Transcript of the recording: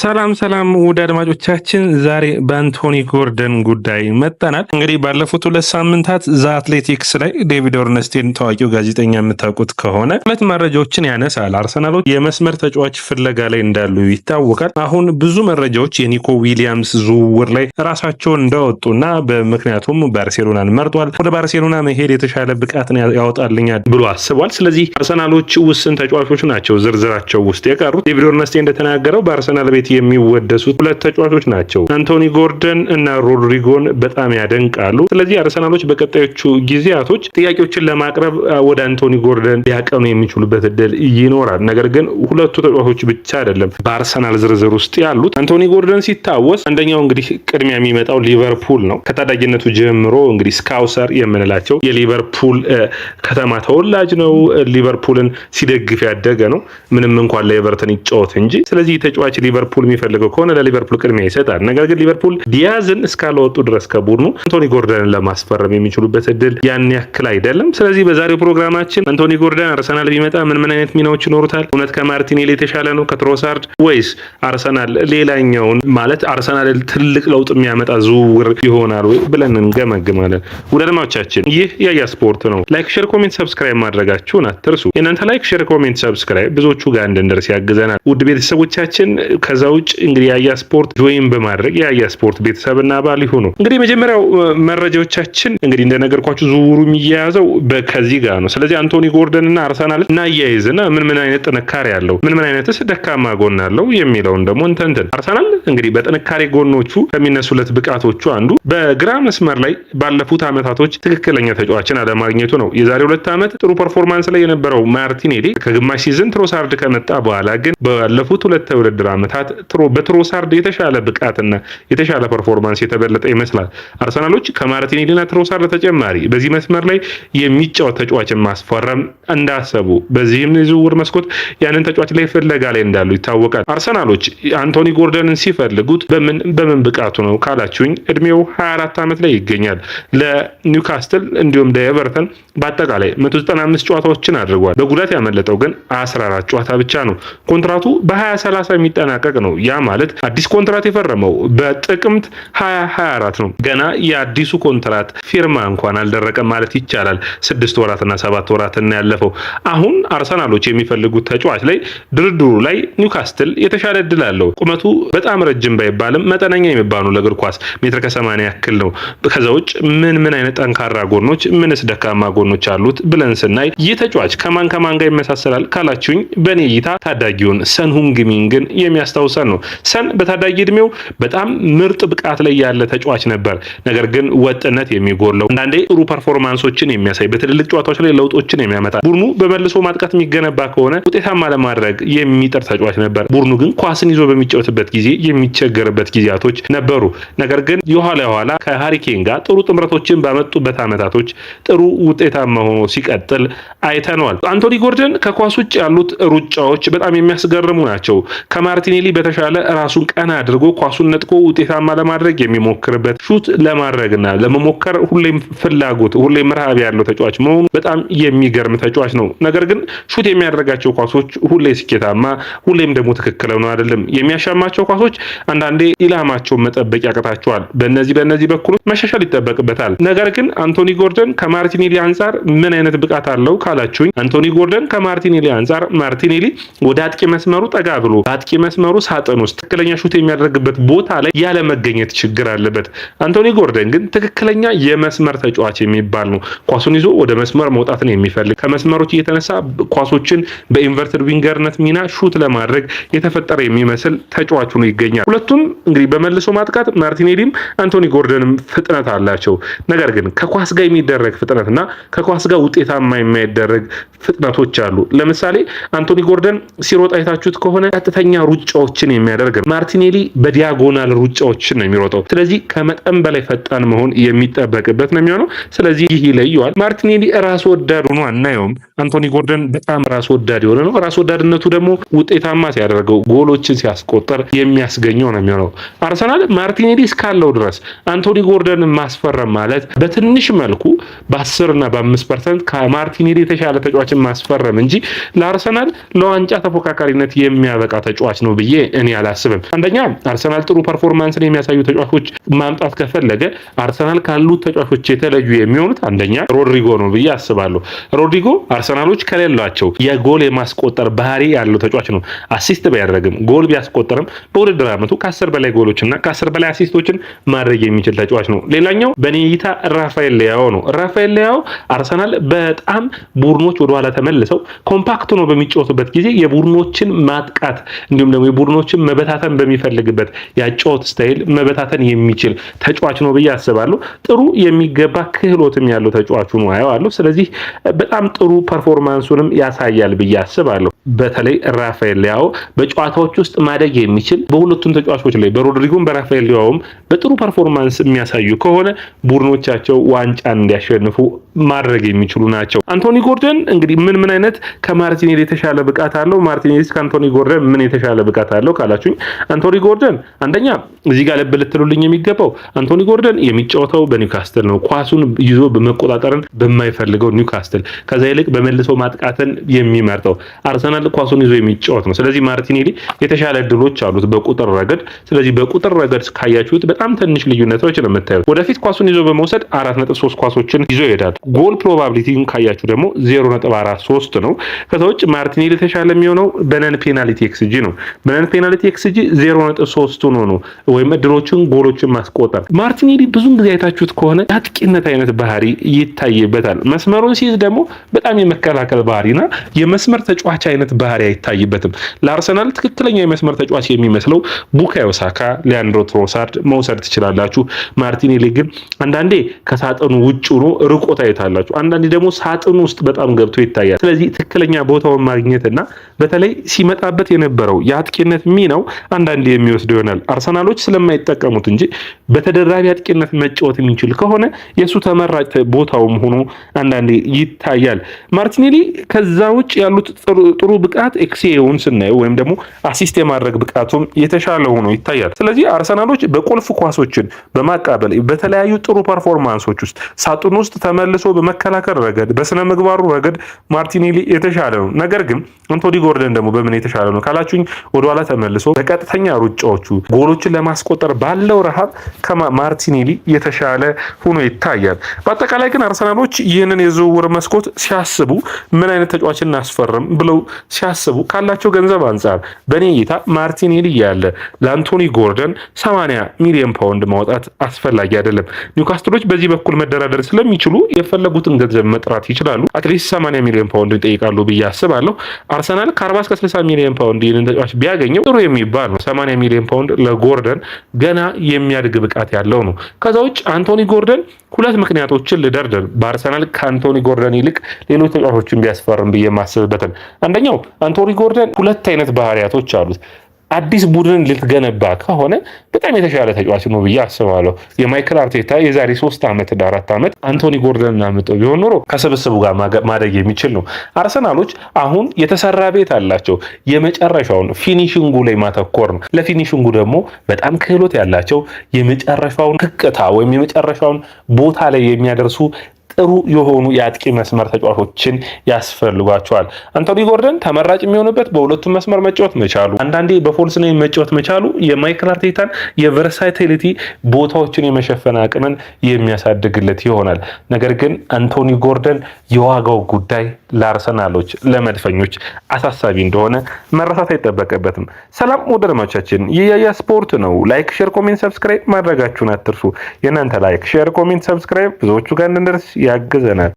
ሰላም ሰላም ውድ አድማጮቻችን፣ ዛሬ በአንቶኒ ጎርደን ጉዳይ መጠናል። እንግዲህ ባለፉት ሁለት ሳምንታት ዘ አትሌቲክስ ላይ ዴቪድ ኦርነስቴን ታዋቂው ጋዜጠኛ የምታውቁት ከሆነ ሁለት መረጃዎችን ያነሳል። አርሰናሎች የመስመር ተጫዋች ፍለጋ ላይ እንዳሉ ይታወቃል። አሁን ብዙ መረጃዎች የኒኮ ዊሊያምስ ዝውውር ላይ ራሳቸውን እንዳወጡና በምክንያቱም ባርሴሎናን መርጧል። ወደ ባርሴሎና መሄድ የተሻለ ብቃትን ያወጣልኛል ብሎ አስቧል። ስለዚህ አርሰናሎች ውስን ተጫዋቾች ናቸው ዝርዝራቸው ውስጥ የቀሩት። ዴቪድ ኦርነስቴ እንደተናገረው በአርሰናል ቤት የሚወደሱት ሁለት ተጫዋቾች ናቸው። አንቶኒ ጎርደን እና ሮድሪጎን በጣም ያደንቃሉ። ስለዚህ አርሰናሎች በቀጣዮቹ ጊዜያቶች ጥያቄዎችን ለማቅረብ ወደ አንቶኒ ጎርደን ሊያቀኑ የሚችሉበት እድል ይኖራል። ነገር ግን ሁለቱ ተጫዋቾች ብቻ አይደለም በአርሰናል ዝርዝር ውስጥ ያሉት። አንቶኒ ጎርደን ሲታወስ አንደኛው እንግዲህ ቅድሚያ የሚመጣው ሊቨርፑል ነው። ከታዳጊነቱ ጀምሮ እንግዲህ ስካውሰር የምንላቸው የሊቨርፑል ከተማ ተወላጅ ነው። ሊቨርፑልን ሲደግፍ ያደገ ነው። ምንም እንኳን ለኤቨርተን ይጫወት እንጂ። ስለዚህ ተጫዋች ሊቨርፑል ሊቨርፑል የሚፈልገው ከሆነ ለሊቨርፑል ቅድሚያ ይሰጣል። ነገር ግን ሊቨርፑል ዲያዝን እስካለወጡ ድረስ ከቡድኑ አንቶኒ ጎርደንን ለማስፈረም የሚችሉበት እድል ያን ያክል አይደለም። ስለዚህ በዛሬው ፕሮግራማችን አንቶኒ ጎርደን አርሰናል ቢመጣ ምን ምን አይነት ሚናዎች ይኖሩታል? እውነት ከማርቲኔሊ የተሻለ ነው ከትሮሳርድ ወይስ አርሰናል ሌላኛውን ማለት አርሰናል ትልቅ ለውጥ የሚያመጣ ዝውውር ይሆናል ወይ ብለን እንገመግማለን። ውድ አድማጮቻችን ይህ ያያ ስፖርት ነው። ላይክ፣ ሼር፣ ኮሜንት ሰብስክራይብ ማድረጋችሁን አትርሱ። የእናንተ ላይክ፣ ሼር፣ ኮሜንት ሰብስክራይብ ብዙዎቹ ጋር እንድንደርስ ያግዘናል። ውድ ቤተሰቦቻችን ከዛ ከዛ ውጭ እንግዲህ የአያ ስፖርት ጆይን በማድረግ የአያ ስፖርት ቤተሰብና አባል ይሁኑ። እንግዲህ የመጀመሪያው መረጃዎቻችን እንግዲህ እንደነገርኳችሁ ዝውውሩ የሚያያዘው ከዚህ ጋር ነው። ስለዚህ አንቶኒ ጎርደን እና አርሰናል እናያይዝና ምን ምን አይነት ጥንካሬ አለው፣ ምን ምን አይነትስ ደካማ ጎን አለው የሚለውን ደግሞ እንተንትን። አርሰናል እንግዲህ በጥንካሬ ጎኖቹ ከሚነሱለት ብቃቶቹ አንዱ በግራ መስመር ላይ ባለፉት ዓመታቶች ትክክለኛ ተጫዋችን አለማግኘቱ ነው። የዛሬ ሁለት ዓመት ጥሩ ፐርፎርማንስ ላይ የነበረው ማርቲኔሊ ከግማሽ ሲዝን ትሮሳርድ ከመጣ በኋላ ግን ባለፉት ሁለት የውድድር ዓመታት በትሮሳርድ የተሻለ ብቃትና የተሻለ ፐርፎርማንስ የተበለጠ ይመስላል። አርሰናሎች ከማርቲኔሊና ትሮሳርድ ተጨማሪ በዚህ መስመር ላይ የሚጫወት ተጫዋችን ማስፈረም እንዳሰቡ፣ በዚህም የዝውውር መስኮት ያንን ተጫዋች ላይ ፍለጋ ላይ እንዳሉ ይታወቃል። አርሰናሎች አንቶኒ ጎርደንን ሲፈልጉት በምን በምን ብቃቱ ነው ካላችሁኝ እድሜው 24 ዓመት ላይ ይገኛል። ለኒውካስትል እንዲሁም ለኤቨርተን በአጠቃላይ 195 ጨዋታዎችን አድርጓል። በጉዳት ያመለጠው ግን 14 ጨዋታ ብቻ ነው። ኮንትራቱ በ2030 የሚጠናቀቅ ነው። ነው። ያ ማለት አዲስ ኮንትራት የፈረመው በጥቅምት 2024 ነው። ገና የአዲሱ ኮንትራት ፊርማ እንኳን አልደረቀም ማለት ይቻላል። ስድስት ወራትና ሰባት ወራትና ያለፈው አሁን አርሰናሎች የሚፈልጉት ተጫዋች ላይ ድርድሩ ላይ ኒውካስትል የተሻለ እድል አለው። ቁመቱ በጣም ረጅም ባይባልም መጠነኛ የሚባል ነው። ለእግር ኳስ ሜትር ከሰማንያ ያክል ነው። ከዛ ውጭ ምን ምን አይነት ጠንካራ ጎኖች ምንስ ደካማ ጎኖች አሉት ብለን ስናይ ይህ ተጫዋች ከማን ከማን ጋር ይመሳሰላል ካላችሁኝ በእኔ እይታ ታዳጊውን ሰንሁንግሚንግን የሚያስታውስ የምናስታውሰው ሰን ነው። ሰን በታዳጊ እድሜው በጣም ምርጥ ብቃት ላይ ያለ ተጫዋች ነበር። ነገር ግን ወጥነት የሚጎለው አንዳንዴ ጥሩ ፐርፎርማንሶችን የሚያሳይ በትልልቅ ጨዋታዎች ላይ ለውጦችን የሚያመጣ ቡድኑ በመልሶ ማጥቃት የሚገነባ ከሆነ ውጤታማ ለማድረግ የሚጥር ተጫዋች ነበር። ቡድኑ ግን ኳስን ይዞ በሚጫወትበት ጊዜ የሚቸገርበት ጊዜያቶች ነበሩ። ነገር ግን የኋላ የኋላ ከሀሪኬን ጋር ጥሩ ጥምረቶችን ባመጡበት ዓመታቶች ጥሩ ውጤታማ ሆኖ ሲቀጥል አይተነዋል። አንቶኒ ጎርደን ከኳስ ውጭ ያሉት ሩጫዎች በጣም የሚያስገርሙ ናቸው። ከማርቲኔሊ በተሻለ ራሱን ቀና አድርጎ ኳሱን ነጥቆ ውጤታማ ለማድረግ የሚሞክርበት ሹት ለማድረግና ለመሞከር ሁሌም ፍላጎት ሁሌም ረሃብ ያለው ተጫዋች መሆኑ በጣም የሚገርም ተጫዋች ነው። ነገር ግን ሹት የሚያደርጋቸው ኳሶች ሁሌ ስኬታማ ሁሌም ደግሞ ትክክል ነው አይደለም። የሚያሻማቸው ኳሶች አንዳንዴ ኢላማቸውን መጠበቅ ያቅታቸዋል። በነዚህ በነዚህ በኩሎች መሻሻል ይጠበቅበታል። ነገር ግን አንቶኒ ጎርደን ከማርቲኔሊ አንጻር ምን አይነት ብቃት አለው ካላችሁኝ፣ አንቶኒ ጎርደን ከማርቲኔሊ አንጻር ማርቲኔሊ ወደ አጥቂ መስመሩ ጠጋ ብሎ በአጥቂ መስመሩ ሳጥን ውስጥ ትክክለኛ ሹት የሚያደርግበት ቦታ ላይ ያለመገኘት ችግር አለበት። አንቶኒ ጎርደን ግን ትክክለኛ የመስመር ተጫዋች የሚባል ነው። ኳሱን ይዞ ወደ መስመር መውጣትን የሚፈልግ ከመስመሮች እየተነሳ ኳሶችን በኢንቨርትድ ዊንገርነት ሚና ሹት ለማድረግ የተፈጠረ የሚመስል ተጫዋች ሆኖ ይገኛል። ሁለቱም እንግዲህ በመልሶ ማጥቃት ማርቲኔሊም አንቶኒ ጎርደንም ፍጥነት አላቸው። ነገር ግን ከኳስ ጋር የሚደረግ ፍጥነትና ከኳስ ጋር ውጤታማ የማይደረግ ፍጥነቶች አሉ። ለምሳሌ አንቶኒ ጎርደን ሲሮጥ አይታችሁት ከሆነ ቀጥተኛ ሩጫዎች ሩጫዎችን የሚያደርግ ነው። ማርቲኔሊ በዲያጎናል ሩጫዎችን ነው የሚሮጠው። ስለዚህ ከመጠን በላይ ፈጣን መሆን የሚጠበቅበት ነው የሚሆነው። ስለዚህ ይህ ይለየዋል። ማርቲኔሊ ራስ ወዳድ ሆኖ አናየውም። አንቶኒ ጎርደን በጣም ራስ ወዳድ የሆነ ነው። ራስ ወዳድነቱ ደግሞ ውጤታማ ሲያደርገው፣ ጎሎችን ሲያስቆጠር የሚያስገኘው ነው የሚሆነው። አርሰናል ማርቲኔሊ እስካለው ድረስ አንቶኒ ጎርደን ማስፈረም ማለት በትንሽ መልኩ በ10 እና በ5 ፐርሰንት ከማርቲኔሊ የተሻለ ተጫዋችን ማስፈረም እንጂ ለአርሰናል ለዋንጫ ተፎካካሪነት የሚያበቃ ተጫዋች ነው ብዬ እኔ አላስብም። አንደኛ አርሰናል ጥሩ ፐርፎርማንስን የሚያሳዩ ተጫዋቾች ማምጣት ከፈለገ አርሰናል ካሉት ተጫዋቾች የተለዩ የሚሆኑት አንደኛ ሮድሪጎ ነው ብዬ አስባለሁ። ሮድሪጎ አርሰናሎች ከሌሏቸው የጎል የማስቆጠር ባህሪ ያለው ተጫዋች ነው። አሲስት ቢያደረግም ጎል ቢያስቆጠርም በውድድር ዓመቱ ከአስር በላይ ጎሎችና ከአስር በላይ አሲስቶችን ማድረግ የሚችል ተጫዋች ነው። ሌላኛው በኔ እይታ ራፋኤል ሊያው ነው። ራፋኤል ሊያው አርሰናል በጣም ቡድኖች ወደኋላ ተመልሰው ኮምፓክት ነው በሚጫወቱበት ጊዜ የቡድኖችን ማጥቃት እንዲሁም ደግሞ የቡድኖ ቡድኖችን መበታተን በሚፈልግበት ያጨዋወት ስታይል መበታተን የሚችል ተጫዋች ነው ብዬ አስባለሁ። ጥሩ የሚገባ ክህሎትም ያለው ተጫዋቹ ነው አየዋለሁ። ስለዚህ በጣም ጥሩ ፐርፎርማንሱንም ያሳያል ብዬ አስባለሁ። በተለይ ራፋኤል ሊያው በጨዋታዎች ውስጥ ማደግ የሚችል በሁለቱም ተጫዋቾች ላይ በሮድሪጎም በራፋኤል ሊያውም በጥሩ ፐርፎርማንስ የሚያሳዩ ከሆነ ቡድኖቻቸው ዋንጫን እንዲያሸንፉ ማድረግ የሚችሉ ናቸው። አንቶኒ ጎርደን እንግዲህ ምን ምን አይነት ከማርቲኔሊ የተሻለ ብቃት አለው? ማርቲኔሊ ከአንቶኒ ጎርደን ምን የተሻለ ብቃት አለው? ነው ካላችሁኝ አንቶኒ ጎርደን አንደኛ እዚህ ጋር ልብ ልትሉልኝ የሚገባው አንቶኒ ጎርደን የሚጫወተው በኒውካስትል ነው። ኳሱን ይዞ በመቆጣጠርን በማይፈልገው ኒውካስትል ከዛ ይልቅ በመልሶ ማጥቃትን የሚመርጠው አርሰናል ኳሱን ይዞ የሚጫወት ነው። ስለዚህ ማርቲኔሊ የተሻለ እድሎች አሉት በቁጥር ረገድ። ስለዚህ በቁጥር ረገድ ካያችሁት በጣም ትንሽ ልዩነቶች ነው የምታዩት። ወደፊት ኳሱን ይዞ በመውሰድ አራት ነጥብ ሶስት ኳሶችን ይዞ ይሄዳል። ጎል ፕሮባብሊቲን ካያችሁ ደግሞ ዜሮ ነጥብ አራት ሶስት ነው። ከዛ ውጭ ማርቲኔሊ የተሻለ የሚሆነው በነን ፔናልቲ ኤክስጂ ነው በነን ፔናልቲ ኤክስጂ ዜሮ ነጥብ ነው ወይም እድሎችን ጎሎችን ማስቆጠር ማርቲኔሊ ብዙም ጊዜ አይታችሁት ከሆነ የአጥቂነት አይነት ባህሪ ይታይበታል። መስመሩን ሲይዝ ደግሞ በጣም የመከላከል ባህሪና የመስመር ተጫዋች አይነት ባህሪ አይታይበትም። ለአርሰናል ትክክለኛ የመስመር ተጫዋች የሚመስለው ቡካዮ ሳካ፣ ሊያንድሮ ትሮሳርድ መውሰድ ትችላላችሁ። ማርቲኔሊ ግን አንዳንዴ ከሳጥኑ ውጭ ሆኖ ርቆ ታይታላችሁ፣ አንዳንዴ ደግሞ ሳጥኑ ውስጥ በጣም ገብቶ ይታያል። ስለዚህ ትክክለኛ ቦታውን ማግኘትና በተለይ ሲመጣበት የነበረው የአጥቂነት አጥቂነት ሚናው አንዳንድ የሚወስድ ይሆናል። አርሰናሎች ስለማይጠቀሙት እንጂ በተደራቢ አጥቂነት መጫወት የሚችል ከሆነ የእሱ ተመራጭ ቦታውም ሆኖ አንዳንዴ ይታያል። ማርቲኔሊ ከዛ ውጭ ያሉት ጥሩ ብቃት ኤክሲውን ስናየው ወይም ደግሞ አሲስት የማድረግ ብቃቱም የተሻለ ሆኖ ይታያል። ስለዚህ አርሰናሎች በቁልፍ ኳሶችን በማቃበል በተለያዩ ጥሩ ፐርፎርማንሶች ውስጥ ሳጥን ውስጥ ተመልሶ በመከላከል ረገድ በስነ ምግባሩ ረገድ ማርቲኔሊ የተሻለ ነው። ነገር ግን አንቶኒ ጎርደን ደግሞ በምን የተሻለ ነው ካላችሁኝ ወደኋላ ተመልሶ በቀጥተኛ ሩጫዎቹ ጎሎችን ለማስቆጠር ባለው ረሃብ ከማርቲኔሊ የተሻለ ሆኖ ይታያል። በአጠቃላይ ግን አርሰናሎች ይህንን የዝውውር መስኮት ሲያስቡ ምን አይነት ተጫዋች እናስፈርም ብለው ሲያስቡ ካላቸው ገንዘብ አንጻር በእኔ እይታ ማርቲኔሊ ያለ ለአንቶኒ ጎርደን 80 ሚሊዮን ፓውንድ ማውጣት አስፈላጊ አይደለም። ኒውካስትሎች በዚህ በኩል መደራደር ስለሚችሉ የፈለጉትን ገንዘብ መጥራት ይችላሉ። አትሊስት 80 ሚሊዮን ፓውንድ ይጠይቃሉ ብዬ አስባለሁ። አርሰናል ከ40 እስከ 60 ሚሊዮን ፓውንድ ይህንን ተጫዋች ቢያገኘው ያገኘው ጥሩ የሚባል ነው። 80 ሚሊዮን ፓውንድ ለጎርደን ገና የሚያድግ ብቃት ያለው ነው። ከዛ ውጭ አንቶኒ ጎርደን ሁለት ምክንያቶችን ልደርደር። በአርሰናል ከአንቶኒ ጎርደን ይልቅ ሌሎች ተጫዋቾችን ቢያስፈርም ብዬ ማስብበትን አንደኛው አንቶኒ ጎርደን ሁለት አይነት ባህሪያቶች አሉት። አዲስ ቡድን ልትገነባ ከሆነ በጣም የተሻለ ተጫዋች ነው ብዬ አስባለሁ። የማይክል አርቴታ የዛሬ ሶስት ዓመት አራት ዓመት አንቶኒ ጎርደን እናምጠው ቢሆን ኖሮ ከስብስቡ ጋር ማደግ የሚችል ነው። አርሰናሎች አሁን የተሰራ ቤት አላቸው። የመጨረሻውን ፊኒሽንጉ ላይ ማተኮር ነው። ለፊኒሽንጉ ደግሞ በጣም ክህሎት ያላቸው የመጨረሻውን ህቅታ ወይም የመጨረሻውን ቦታ ላይ የሚያደርሱ ጥሩ የሆኑ የአጥቂ መስመር ተጫዋቾችን ያስፈልጓቸዋል። አንቶኒ ጎርደን ተመራጭ የሚሆንበት በሁለቱም መስመር መጫወት መቻሉ፣ አንዳንዴ በፎልስ ነው መጫወት መቻሉ የማይክል አርቴታን የቨርሳቲሊቲ ቦታዎችን የመሸፈን አቅምን የሚያሳድግለት ይሆናል። ነገር ግን አንቶኒ ጎርደን የዋጋው ጉዳይ ለአርሰናሎች ለመድፈኞች አሳሳቢ እንደሆነ መረሳት አይጠበቅበትም። ሰላም ወደድማቻችን የያያ ስፖርት ነው። ላይክ፣ ሼር፣ ኮሜንት ሰብስክራይብ ማድረጋችሁን አትርሱ። የእናንተ ላይክ፣ ሼር፣ ኮሜንት ሰብስክራይብ ብዙዎቹ ጋር እንድንደርስ ያግዘናል።